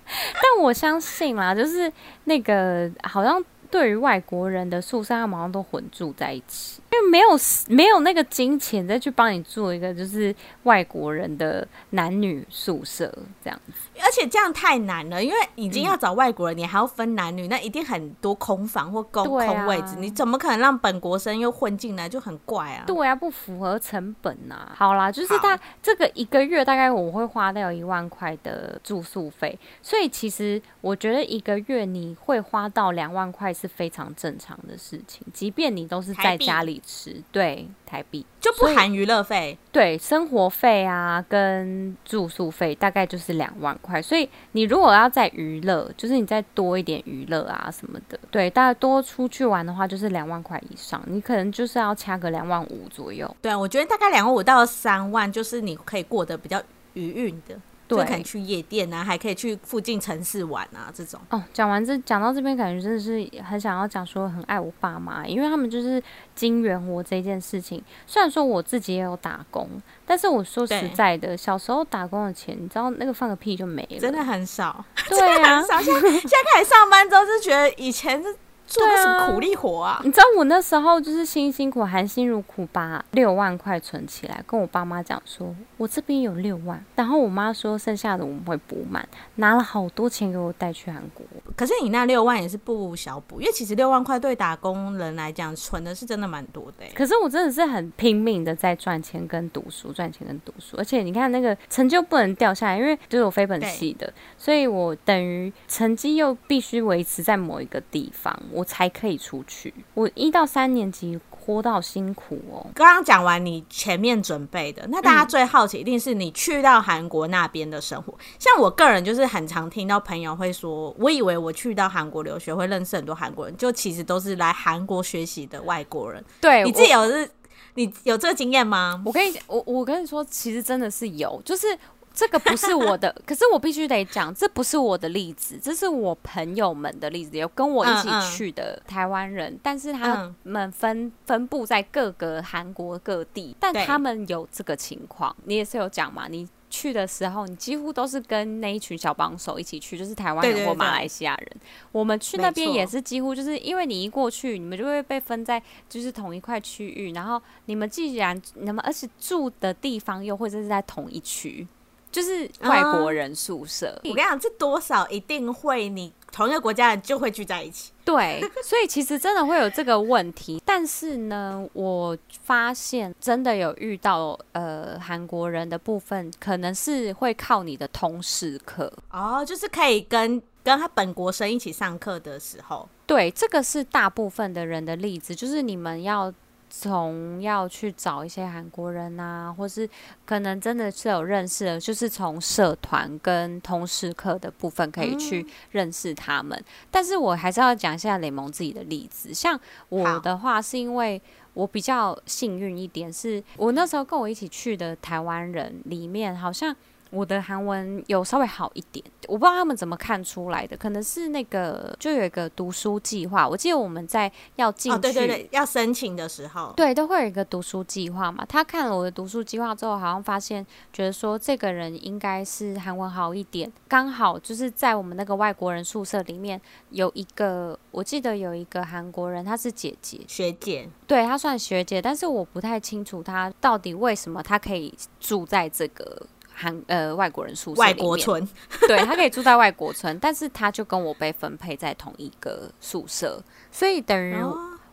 Speaker 2: 但我相信啦，就是那個好像對於外國人的宿舍，他們好像都混住在一起。因為沒有沒有那個金錢再去幫你做一個就是外國人的男女宿舍這樣，
Speaker 1: 而且這樣太難了，因為已經要找外國人，嗯、你還要分男女，那一定很多空房或空空位置，啊、你怎麼可能讓本國生又混進來就很怪啊？
Speaker 2: 對啊，不符合成本啊。好啦，就是他好這個一個月大概我會花掉一萬塊的住宿費，所以其實我覺得一個月你會花到兩萬塊是非常正常的事情，即便你都是在家裡。十對
Speaker 1: 台幣，就不含娛樂費，
Speaker 2: 對，生活費啊跟住宿費大概就是兩萬塊。所以你如果要在娛樂，就是你再多一點娛樂啊什麼的，對，大概多出去玩的話就是兩萬塊以上，你可能就是要抓個兩萬五左右。
Speaker 1: 對啊，我覺得大概兩萬五到三萬，就是你可以過得比較餘裕的。對就可以去夜店啊，還可以去附近城市玩啊，這種。
Speaker 2: 哦，講完這講到這邊，感覺真的是很想要講說很愛我爸媽，因為他們就是金援我這件事情。雖然說我自己也有打工，但是我說實在的，對小時候打工的錢，你知道那個放個屁就沒了，真的很少。
Speaker 1: 對啊，呀，現在現在開始上班之後，就覺得以前是，做那苦力活啊？
Speaker 2: 你知道我那時候就是辛辛苦，含辛茹苦把六萬塊存起來，跟我爸媽講說，我這邊有六萬，然後我媽說剩下的我們會補滿，拿了好多錢給我帶去韓國。可
Speaker 1: 是你那六萬也是不小補，因為其實六萬塊對打工人來講，存的是真的蠻多的。可是
Speaker 2: 我真的是很拼命的在賺錢跟讀書，賺錢跟讀書，而且你看那個成就不能掉下來，因為就是我非本系的，所以我等於成績又必須維持在
Speaker 1: 某一個地方。我才可以出去。我一到三年級，活到辛苦哦。剛剛講完你前面準備的，那大家最好奇一定是你去到韓國那邊的生活。嗯、像我個人就是很常聽到朋友會說，我以為我去到韓國留學會認識很多韓國人，就其實都是來韓國學習的外國人。對，你自己有是，
Speaker 2: 我，你有這個經驗嗎？我我？我跟你我我跟你說，其實真的是有，就是。這個不是我的， 可是我必須得講，這不是我的例子，這是我朋友們的例子，有跟我一起去的台灣人，嗯嗯，但是他們分、嗯、分布在各個韓國各地，但他們有這個情況，對你也是有講嘛。你去的時候，你幾乎都是跟那一群小幫手一起去，就是台灣人或馬來西亞人。對對對，我們去那邊也是幾乎就是因為你一過去，錯你們就會被分在就是同一塊區域，然後你們既然你們而且住的地方又或者是在同一區。就是外國人宿舍，嗯、我跟你
Speaker 1: 講，這多少一定會，你同一個國家人就會聚在一起。
Speaker 2: 對，所以其實真的會有這個問題， 但是呢，我發現真的有遇到呃韓國人的部分，可能是會靠你的通識課
Speaker 1: 哦，就是可以跟跟他本國生一起上課的時候。
Speaker 2: 對，這個是大部分的人的例子，就是你們要。從要去找一些韓國人啊，或是可能真的是有認識的，就是從社團跟通識課的部分可以去認識他們。嗯、但是我還是要講一下蕾檬自己的例子。像我的話，是因為我比較幸運一點，好是我那時候跟我一起去的台灣人裡面，好像。我的韓文有稍微好一點，我不知道他們怎麼看出來的，可能是那個就有一個讀書計劃，我記得我們在要進去，哦，對對對，
Speaker 1: 要申請的時候，
Speaker 2: 對，都會有一個讀書計劃嘛。他看了我的讀書計劃之後，好像發現覺得說這個人應該是韓文好一點，剛好就是在我們那個外國人宿舍裡面有一個，我記得有一個韓國人，她是姐姐學姐，對她算學姐，但是我不太清楚她到底為什麼她可以住在這個。韓呃外國人宿舍，外國村，對，他可以住在外國村， 但是他就跟我被分配在同一個宿舍，所以等於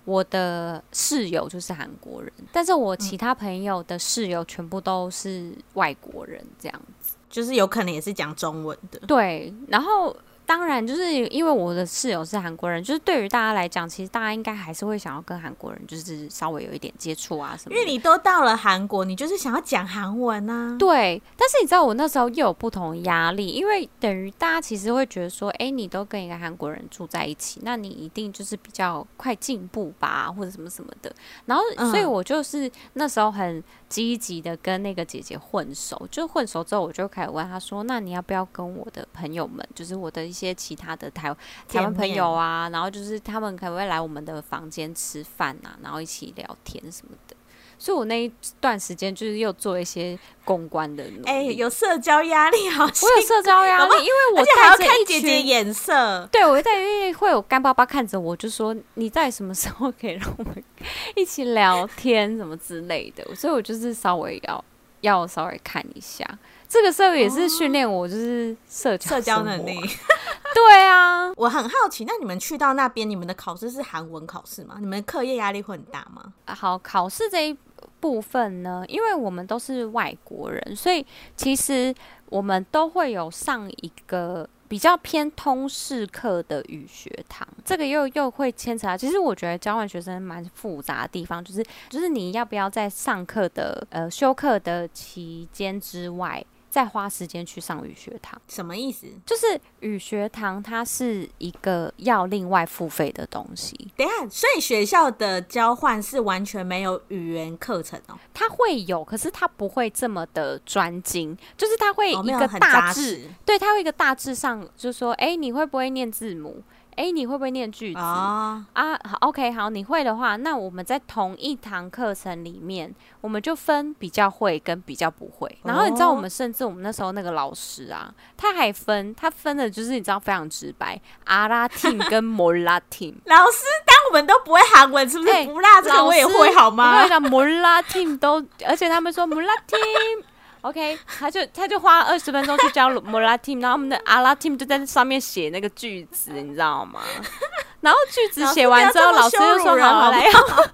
Speaker 2: 我的室友就是韓國人，但是我其他朋友的室友全部都是外國人，這樣
Speaker 1: 子，就是有可能也是講中文的，對，
Speaker 2: 然後。當然，就是因為我的室友是韓國人，就是對於大家來講，其實大家應該還是會想要跟韓國人，就是稍微有一點接觸啊
Speaker 1: 什麼的。因為你都到了韓國，你就是想要講韓文啊。對，但是你知道我那時候又有
Speaker 2: 不同壓力，因為等於大家其實會覺得說，哎，你都跟一個韓國人住在一起，那你一定就是比較快進步吧，或者什麼什麼的。然後，所以我就是那時候很積極的跟那個姐姐混熟，就混熟之後，我就開始問她說，那你要不要跟我的朋友們，就是我的一。些其他的台
Speaker 1: 台灣朋友啊，面
Speaker 2: 然後就是他們可能會來我們的房間吃飯啊，然後一起聊天什麼的。所以我那一段時間就是又做一些公關的努力哎、欸，有社交壓
Speaker 1: 力。好，我有社交壓力，闆因為我一還要看姐姐眼色。
Speaker 2: 對，我在因為會有乾巴巴看着我，就說你在什麼時候可以讓我們一起聊天什麼之類的？所以我就是稍微要要稍微看一下。這個時候也是
Speaker 1: 訓練我，哦、就是社交、社交能力。 對啊， 我很好奇，那你們去到那邊，你們的考試是韓文考試嗎？你們課業壓力會很大嗎？好，考試這一
Speaker 2: 部分呢，因為我們都是外國人，所以其實我們都會有上一個比較偏通識課的語學堂。這個又又會牽扯到、啊，其實我覺得交換學生蠻複雜的地方，就是就是你要不要在上課的呃休課的期間之外。再花時間去上語學堂，什麼意思？就是語學堂它是一個要另外付費的東西。
Speaker 1: 等下，所以學校的交換是完全沒有語言課程哦、喔。它會有，可是它不會這麼的專精，就是它會一個大致，哦、
Speaker 2: 對，它會一個大致上，就是說，哎、欸，你會不會念字母？哎、欸，你會不會念句子、oh. 啊，好，okay，好，你會的話，那我們在同一堂課程裡面，我們就分比較會跟比較不會。Oh. 然後你知道，我們甚至我們那時候那個老師啊，他還分，他分的就是你知道非常直白，阿拉汀跟摩拉汀。
Speaker 1: 老師，當我們都不會韓文，是不是？不
Speaker 2: 拉，這個我也會師好嗎？摩拉汀都， 而且他們說摩拉汀。 OK，他就他就花二十分鐘去教莫拉 team，然後我們的阿拉 team 就在那上面寫那個句子。 你知道嗎？然後句子寫完之後，老師又說：“老師要，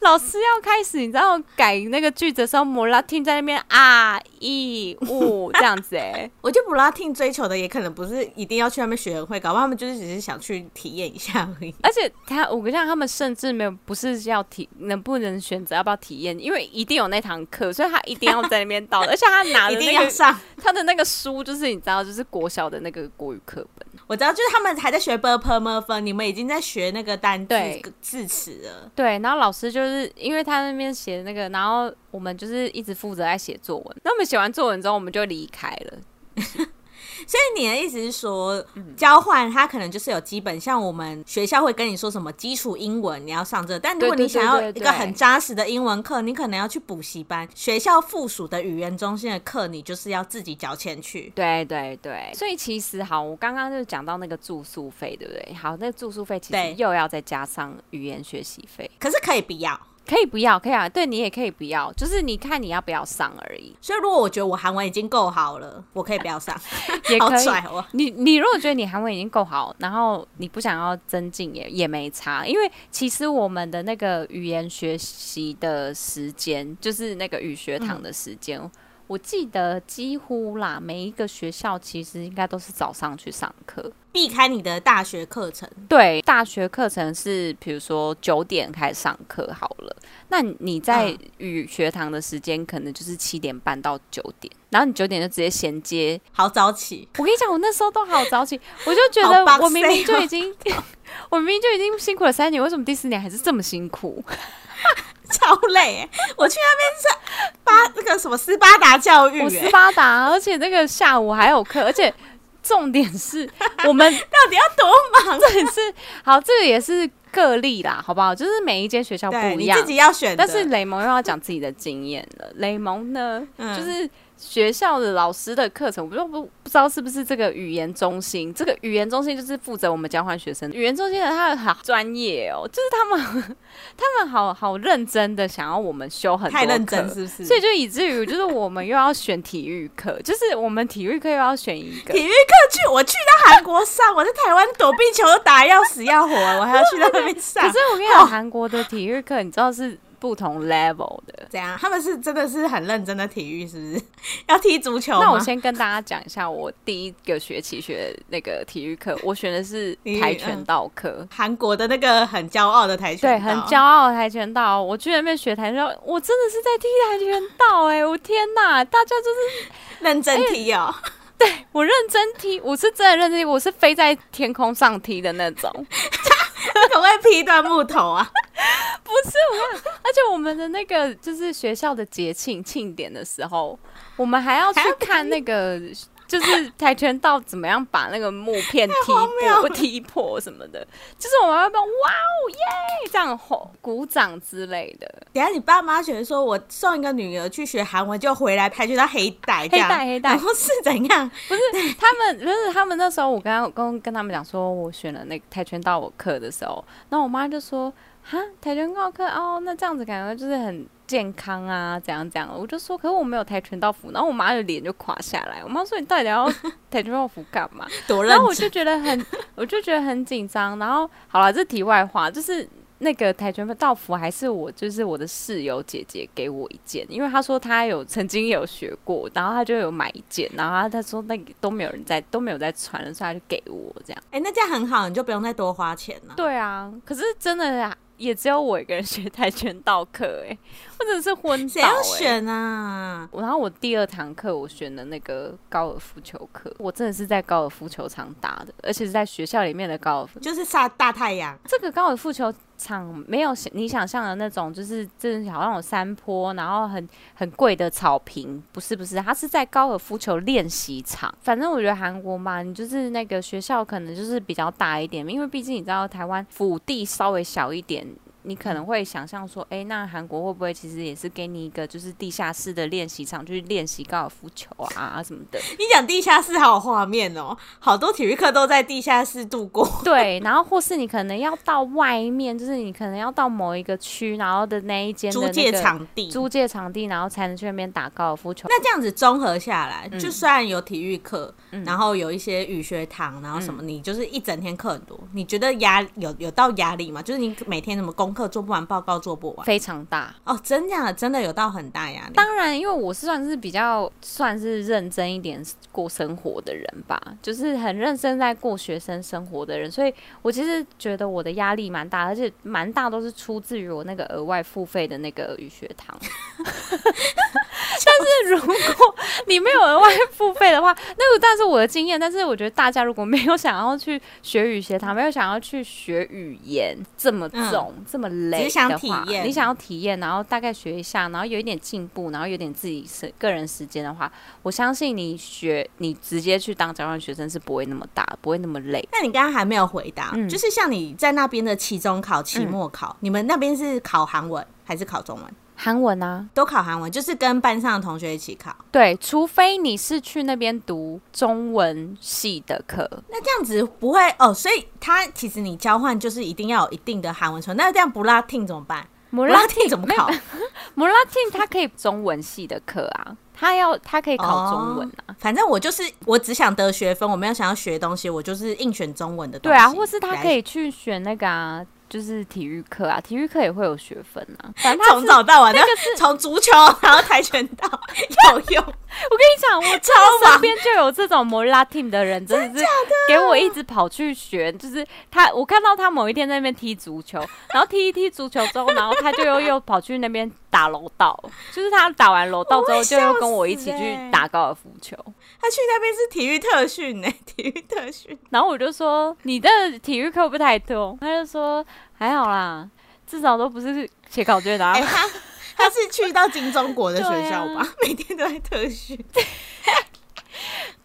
Speaker 2: 老師要開始，你知道改那個句子的時候，布拉丁在那邊啊一五這樣子哎。”
Speaker 1: 我覺得布拉丁追求的也可能不是一定要去那邊學會，搞不好他們就是只是想去體驗一下而已。
Speaker 2: 而且他，我跟像他們甚至沒有不是要體，能不能選擇要不要體驗？因為一定有那堂課，所以他一定要在那邊到，而且他拿一定要上。他的那個書，
Speaker 1: 就是你知道，就是國小的那個國語課本。我知道，就是他們還在學 b e r p e r m e r f e n 你們已經。在學那個單詞、字詞對了，
Speaker 2: 對。然後老師就是因為他那邊寫那個，然後我們就是一直負責在寫作文。那我們寫完作文之後，我們就離開了。
Speaker 1: 所以你的意思是說，交換它可能就是有基本，像我們學校會跟你說什麼基礎英文你要上這個，但如果你想要一個很扎實的英文課，你可能要去補習班，學校附屬的語言中心的課，你就是要自己交錢去。對對對。
Speaker 2: 所以其實好，我剛剛就講到那個住宿費，對不對？好，那個住宿費其實又要再加上語言學習費，可是可以不要。可以不要，可以啊，對，你也可以不要，就是你看你要不要上而已。所以如果我覺得我韓文已經夠好了，我可以不要上， 也可以。好帥哦。你你如果覺得你韓文已經夠好，然後你不想要增進也也沒差，因為其實我們的那個語言學習的時間，就是那個語學堂的時間，嗯、我記得幾乎啦，每一個學校其實應該都是早上去上課。
Speaker 1: 避開你的大學課程，
Speaker 2: 對，大學課程是比如說九點開始上課好了，那你在語學堂的時間可能就是七點半到九點，然後你九點就直接銜接。
Speaker 1: 好早起，我跟你講，我那時候都好早起，我就覺得我明明就已經，
Speaker 2: 好棒 我明明就已經辛苦了三年，為什麼第四年還是這麼辛苦？
Speaker 1: 超累、欸，我去那邊是巴那個什麼斯巴達
Speaker 2: 教育、欸，斯巴達，而且那個下午還有課，而且。重點是，我們到底要多忙？這也是好，這個也是個例啦，好不好？就是每一間學校不一樣，自己要選。但是蕾檬又要講自己的經驗了，蕾檬呢，就是。學校的老師的課程，我不不不知道是不是這個語言中心。這個語言中心就是負責我們交換學生。語言中心的人，他很好專業哦，就是他們他們好好認真的想要我們修很多課，太認真是不是？所以就以至於就是我們又要選體育課， 就是我們體育課又要選一個體育
Speaker 1: 課去。我去到韓國上，我在台灣躲避球都打 要死要活，我還要去到那邊上。 是可是我跟你講，韓
Speaker 2: 國的體育課你知道是？不同 level 的，怎樣他們是真的是很認真的體育，是不是？ 要踢足球？那我先跟大家講一下，我第一個學期學的那個體育課，我選的是跆拳道課，嗯、韓國的那個很驕傲的跆拳道，對，很驕傲的跆拳道。我居然沒有學跆拳道，我真的是在踢跆拳道哎、欸！我天哪，大家就是認真踢哦，欸、對我認真踢，我是真的認真踢，我是飛在天空上踢的那種。 還會 劈斷木頭啊？ 不是我，我而且我們的那個就是學校的節慶慶典的時候，我們還要去看那個。就是跆拳道怎麼樣把那個木片踢破、哎、踢破什麼的，就是我們要不要哇哦耶這樣吼鼓掌之類的？等
Speaker 1: 下你爸媽選說，我送一個女兒去學韓文就回來跆拳道黑帶，黑帶黑帶，然後是怎樣？
Speaker 2: 不是他們，不是他們那時候，我剛剛剛跟他們講說我選了那個跆拳道我課的時候，那我媽就說哈跆拳道課哦，那這樣子感覺就是很。健康啊，這樣這樣，我就說，可是我沒有跆拳道服，然後我媽的臉就垮下來。我媽說：“你到底要跆拳道服幹嘛？” 多認真然後我就覺得很， 我就覺得很緊張。然後好了，這題外話，就是那個跆拳道服還是我，就是我的室友姐姐給我一件，因為她說她有曾經有學過，然後她就有買一件，然後她說那個都沒有人在都沒有在傳了，所以她就給我這樣。
Speaker 1: 哎、欸，那這樣很好，你就不用再多花錢了，啊。
Speaker 2: 對啊，可是真的，啊也只有我一個人學跆拳道課、欸，哎、欸，我真的是昏倒。誰要選啊？然後我第二堂課我選的那個高爾夫球課，我真的是在高爾夫球場打的，而且是在學校裡面的高爾夫，
Speaker 1: 就是曬大太陽。
Speaker 2: 這個高爾夫球。場沒有想你想象的那種，就是就是好像有山坡，然後很很貴的草坪，不是不是，它是在高爾夫球練習場。反正我覺得韓國嘛，你就是那個學校可能就是比較大一點，因為畢竟你知道台灣腹地稍微小一點。你可能會想象說，哎、欸，那韓國會不會其實也是給你一個就是地下室的練習場，去練習高爾夫球啊,啊什麼的？
Speaker 1: 你講地下室好畫面哦、喔，好多體育課都在地下室度過。對，然後或是你可
Speaker 2: 能要到外面，就是你可能要到某一個區，然後的那一間租借場地，
Speaker 1: 租借場地，然後才能去那邊打高爾夫球。那這樣子綜合下來，就算有體育課，嗯、然後有一些語學堂，然後什麼，嗯、你就是一整天課很多，你覺得壓有有到壓力嗎？就是你每天什麼工作？課做不完，報告做不完，非常大哦！Oh, 真的、啊，真的有到很大壓力。
Speaker 2: 當然，因為我是算是比較算是認真一點過生活的人吧，就是很認真在過學生生活的人，所以我其實覺得我的壓力蠻大，而且蠻大都是出自於我那個額外付費的那個語學堂。 就是 但是如果你沒有額外付費的話，那個但是我的經驗，但是我覺得大家如果沒有想要去學語學堂，沒有想要去學語言這麼重，這、嗯。那麼累，想體驗，你想要體驗，然後大概學一下，然後有一點進步，然後有點自己個人時間的話，我相信你學，你直
Speaker 1: 接去當交換學生是不會那麼大，不會那麼累。那你剛剛還沒有回答，嗯、就是像你在那邊的期中考、期末考，嗯、你們那邊是考韓文還是考中文？韓文啊，都考韓文，就是跟班上的同學一起考。
Speaker 2: 對，除非你是去那邊讀中文系的課，那
Speaker 1: 這樣子不會哦。所以他其實你交換就是一定要有一定的韓文存。那這樣不拉丁怎麼辦？
Speaker 2: 不拉，拉丁怎麼考？
Speaker 1: 摩拉丁他可以中文系的課啊，
Speaker 2: 他要他可以考中文啊。
Speaker 1: 哦，反正我就是我只想得學分，我沒有想要學東西，我就是硬選中文的東西。對啊，或
Speaker 2: 是他可以去選那個啊。就是體育課啊，體育課也會有學分吶、啊。反正他從早到晚，就是從
Speaker 1: 足球然後跆拳道，要有 用。我跟你講，我超旁邊就有這
Speaker 2: 種摩拉丁的人，忙就是，真的是給我一直跑去學。就是他，我看到他某一天在那邊踢足球，然後踢一踢足球之後，然後他就又又跑去那邊打柔道。就是他打完柔道之後，欸，就又跟我一起去打高爾夫球。
Speaker 1: 他去那邊是體育特訓哎，體育特訓。
Speaker 2: 然後我就說你的體育課不太多，他就說還好啦，至少都不是寫考卷的、啊。哎、欸，他
Speaker 1: 他是去到
Speaker 2: 金鐘國的學校吧？
Speaker 1: 啊、每天都在特訓。對，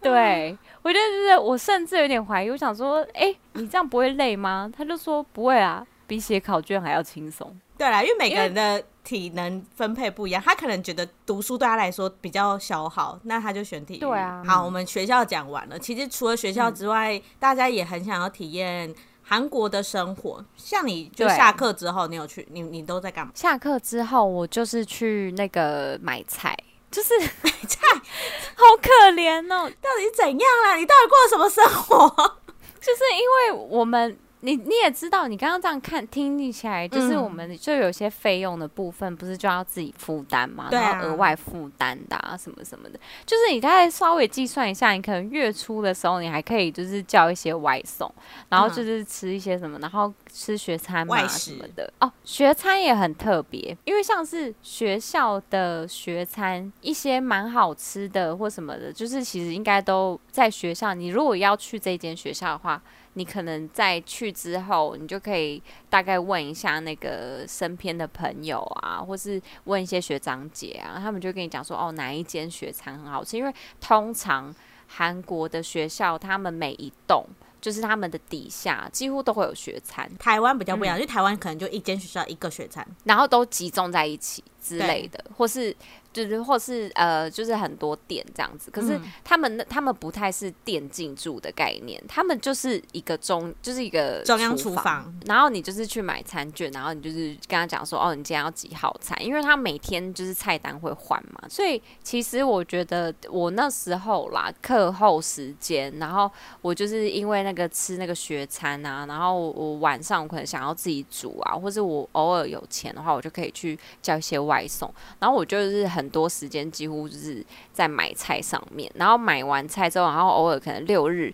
Speaker 2: 對，我覺得就是我甚至有點懷疑，我想說，哎、欸，你這樣不會累嗎？他就說不會啊，比寫考卷還要輕鬆。
Speaker 1: 對啦，因為每個人的體能分配不一樣，為他可能覺得讀書對他來說比較消耗，那他就選體育。對啊，好，我們學校講完了。其實除了學校之外，嗯、大家也很想要體驗韓國的生活。像你就下課之後，你有去對你你都在幹嘛？
Speaker 2: 下課之後，我就是去那個買菜，
Speaker 1: 就是買菜， 好可憐哦！到底
Speaker 2: 怎樣啦？你
Speaker 1: 到底過了什麼生活？就是因
Speaker 2: 為我們。你你也知道，你剛剛這樣看聽起來，就是我們就有些費用的部分，不是就要自己負擔嘛？啊、然後額外負擔的、啊、什麼什麼的，就是你剛才稍微計算一下，你可能月初的時候，你還可以就是叫一些外送，然後就是吃一些什麼，嗯、哼然後吃學餐嘛事什麼的。哦，學餐也很特別，因為像是學校的學餐，一些蠻好吃的或什麼的，就是其實應該都在學校。你如果要去這間學校的話，你可能在去之後，你就可以大概問一下那個身邊的朋友啊，或是問一些學長姐啊，他們就跟你講說，哦，哪一間學餐很好吃，因為通常韓國的學校他們每一棟，就是他們的底下幾乎都會有學餐。
Speaker 1: 台灣比較不一樣，嗯，因為台灣可能就一間學校一個學餐，
Speaker 2: 然後都集中在一起。之類的，對或是就是或是呃，就是很多店這樣子。可是他們、嗯、他們不太是店進駐的概念，他們就是一個中就是一個中央廚房，然後你就是去買餐券，然後你就是跟他講說，哦，你今天要幾號菜？因為他每天就是菜單會換嘛，所以其實我覺得我那時候啦，課後時間，然後我就是因為那個吃那個學餐啊，然後我晚上我可能想要自己煮啊，或是我偶爾有錢的話，我就可以去叫一些外。白送，然後我就是很多時間幾乎就是在買菜上面，然後買完菜之後，然後偶爾可能六日。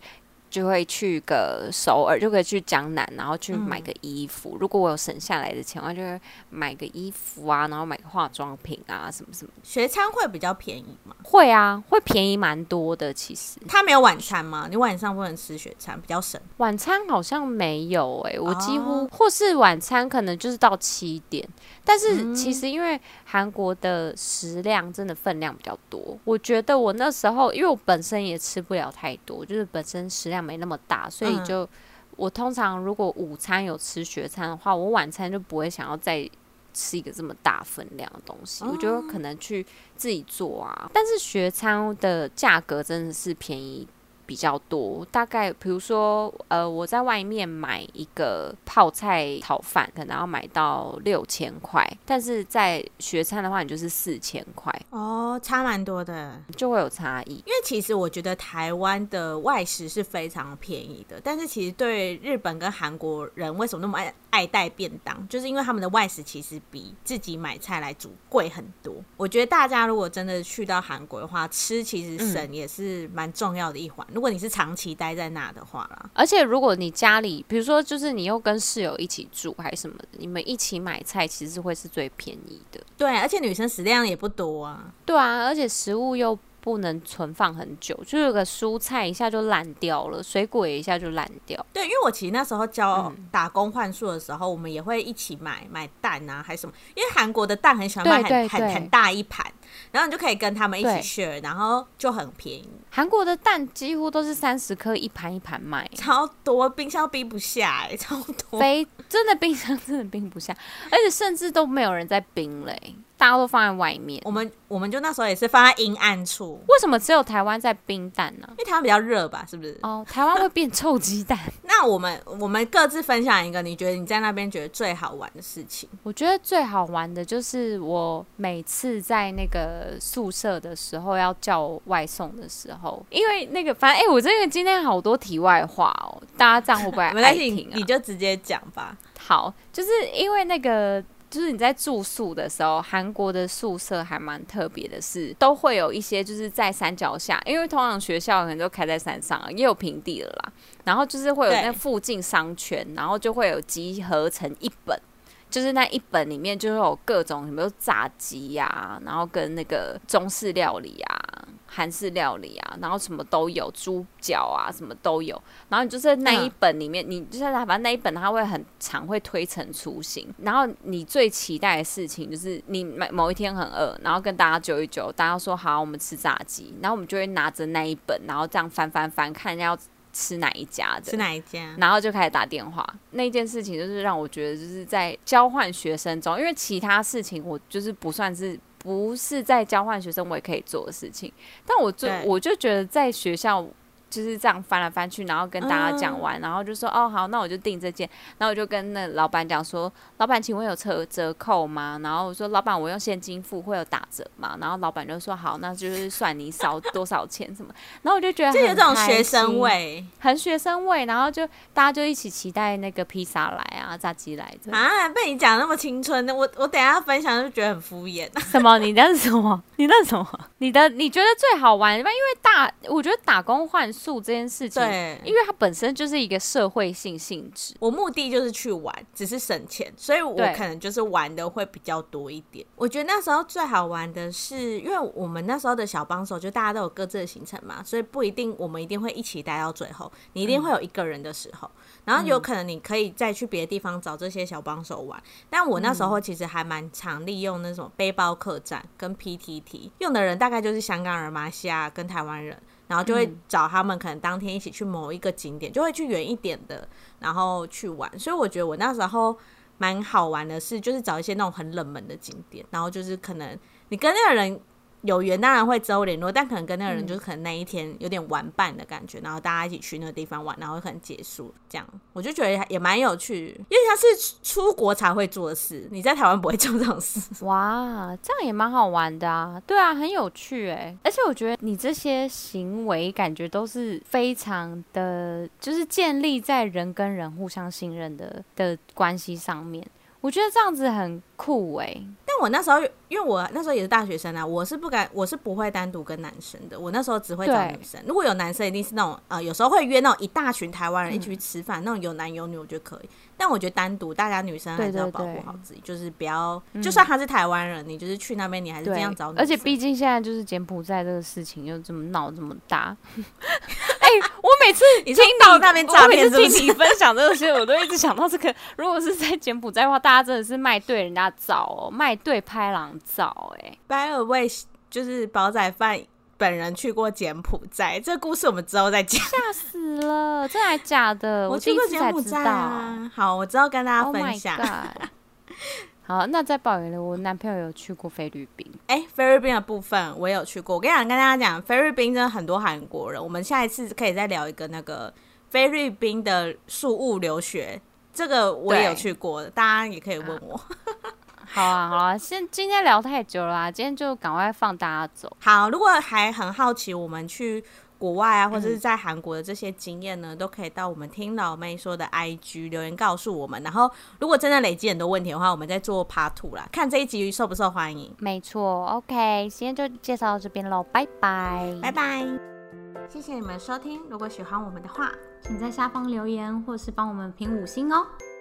Speaker 2: 就會去個首爾，就可以去江南，然後去買個衣服。嗯、如果我有省下來的錢，我就會買個衣服啊，然後買個化妝品
Speaker 1: 啊，什麼什麼。學餐會比較便宜嗎？
Speaker 2: 會啊，會便宜蠻多的，其實。
Speaker 1: 他沒有晚餐嗎？你晚上不能吃學餐，比較省。
Speaker 2: 晚餐好像沒有哎、欸，我幾乎、哦、或是晚餐可能就是到七點，但是其實因為韓國的食量真的分量比較多，嗯、我覺得我那時候因為我本身也吃不了太多，就是本身食量。沒那麼大，所以就我通常如果午餐有吃學餐的話，我晚餐就不會想要再吃一個這麼大分量的東西。我就可能去自己做啊，但是學餐的價格真的是便宜。比較多，大概比如說，呃，我在外面買一個泡菜炒飯，可能要買到六千塊，但是在學餐的話，你就是四千塊，
Speaker 1: 哦，差蠻多的，就會有差異。因為其實我覺得台灣的外食是非常便宜的，但是其實對日本跟韓國人為什麼那麼愛？愛帶便當，就是因為他們的外食其實比自己買菜來煮貴很多。我覺得大家如果真的去到韓國的話，吃其實省也是蠻重要的一環。嗯。如果你是長期待在那的話啦，
Speaker 2: 而且如果你家裡，比如說就是你又跟室友一起住還是什麼的，你們一起買菜其實會是最便宜的。
Speaker 1: 對，而且女生食量也不多啊。
Speaker 2: 對啊，而且食物又。不能存放很久，就有個蔬菜一下就爛掉了，水果也一下就爛掉。
Speaker 1: 對，因為我其實那時候教打工換宿的時候，嗯、我們也會一起買買蛋啊，還什麼，因為韓國的蛋很喜歡賣很很很大一盤。然後你就可以跟他們一起 share，對然後就很便宜。韓國的蛋幾乎都是三十顆一盤一盤賣，超多，冰箱都冰不下，超多，非，
Speaker 2: 真的冰箱真的冰不下，而且甚至都沒有人在冰嘞，大家都放在外面。我們
Speaker 1: 我們就那時候也是放在陰暗處。
Speaker 2: 為什麼只有台灣在冰蛋呢？因為台灣比較熱吧？是
Speaker 1: 不是？哦，oh, 台灣會變臭雞蛋。 那我們我們各自分享一個，你覺得你在那邊覺得最好玩的事情？
Speaker 2: 我覺得最好玩的就是我每次在那個。呃，宿舍的時候要叫外送的時候，因為那個反正哎、欸，我真的今天好多題外話哦，大家這樣會不愛聽、啊 你？你就直接講吧。好，就是因為那個，就是你在住宿的時候，韓國的宿舍還蠻特別的是，是都會有一些，就是在山腳下，因為通常學校可能都開在山上，也有平地了啦。然後就是會有那附近商圈，對然後就會有集合成一本。就是那一本裡面，就會有各種什麼炸雞呀、啊，然後跟那個中式料理啊、韓式料理啊，然後什麼都有，豬腳啊什麼都有。然後你就是那一本裡面，嗯、你就是反正那一本他會很常會推陳出新。然後你最期待的事情就是你每某一天很餓，然後跟大家揪一揪，大家說好我們吃炸雞，然後我們就會拿着那一本，然後這樣翻翻翻，看人家要。吃哪一家的？吃哪一家，然後就開始打電話。那件事情就是讓我覺得，就是在交換學生中，因為其他事情我就是不算是，不是在交換學生，我也可以做的事情。但我就對我就覺得在學校。就是這樣翻來翻去，然後跟大家講完，嗯，然後就說哦好，那我就訂這件。然後我就跟那老板講說，老板請問有折折扣嗎？然後我說老板，我用現金付會有打折嗎？然後老板就說好，那就是算你少多少錢什麼。然後我就覺得就有這種學生味，很學生味。然後就大家就一起期待那個披薩來啊，炸雞來。啊，
Speaker 1: 被你講那麼青春的，我我等一下分享就覺得很敷衍。什麼，什麼？你
Speaker 2: 那什麼？你那什麼？
Speaker 1: 你的你覺得最好玩？因為大，我覺得打工換。做這件事情，對，因為它本身就是一個社會性性質。我目的就是去玩，只是省錢，所以我可能就是玩的會比較多一點。對我覺得那時候最好玩的是，因為我們那時候的小幫手就大家都有各自的行程嘛，所以不一定我們一定會一起待到最後，你一定會有一個人的時候，嗯、然後有可能你可以再去別的地方找這些小幫手玩。嗯、但我那時候其實還蠻常利用那種背包客棧跟 PTT 用的人，大概就是香港人、馬來西亞跟台灣人。然後就會找他們，可能當天一起去某一個景點，就會去遠一點的，然後去玩。所以我覺得我那時候蠻好玩的是，就是找一些那種很冷門的景點，然後就是可能你跟那個人。有緣當然會之後聯絡，但可能跟那個人就是可能那一天有點玩伴的感覺，嗯、然後大家一起去那個地方玩，然後可能結束這樣，我就覺得也蠻有趣，因為他是出國才會做的事，你在台灣不會做這種事。哇，這樣也蠻好
Speaker 2: 玩的啊！對啊，很有趣哎、欸，而且我覺得你這些行為感覺都是非常的，就是建立在人跟人互相信任的的
Speaker 1: 關係上面，我覺得這樣子很酷哎、欸。因為我那時候，因為我那時候也是大學生啊，我是不敢，我是不會單獨跟男生的。我那時候只會找女生。對如果有男生，一定是那種啊、呃，有時候會約那種一大群台灣人一起去吃飯，嗯、那種有男有女，我覺得可以。但我覺得單獨大家女生還是要保護好自己，對對對，就是不要，就算他是台灣人，嗯、你就是去那邊，你還是這樣找女生。而且畢
Speaker 2: 竟現在就是柬埔寨這個事情又這麼鬧這麼大。 欸、我每次聽到你你那邊詐騙聽你分享這些，我都一直想到這個。如果是在柬埔寨的話，大家真的是賣對人家照、哦，賣對拍狼照、欸。哎
Speaker 1: ，By the way 就是寶仔飯本人去過柬埔寨，這故事我們之後再講。嚇死了，真的還假的？我去過柬埔寨啊！好，我之後跟
Speaker 2: 大家分享。啊，那在寶的我男朋友有去過菲律賓。
Speaker 1: 哎、欸，菲律賓的部分我有去過。我跟你講，跟大家講，菲律賓真的很多韓國人。我們下一次可以再聊一個那個菲律賓的數物留學，這個我也有去過，的對。大家也可以問我。好啊，好啊，現今天聊太久了，啊，今天就趕快放大家走。好，如果還很好奇，我們去國外啊，或者是在韓國的這些經驗呢，嗯、都可以到我們聽老妹說的 IG 留言告訴我們。然後，如果真的累積很多問題的話，我們再做 part two 啦，看這一集受不受歡迎。沒錯
Speaker 2: ，OK，今天就介紹到這邊嘍，拜拜，拜
Speaker 1: 拜 bye，謝謝你們收聽。如果喜歡我們的話，
Speaker 2: 請在下方留言，或是幫我們評五星哦、喔。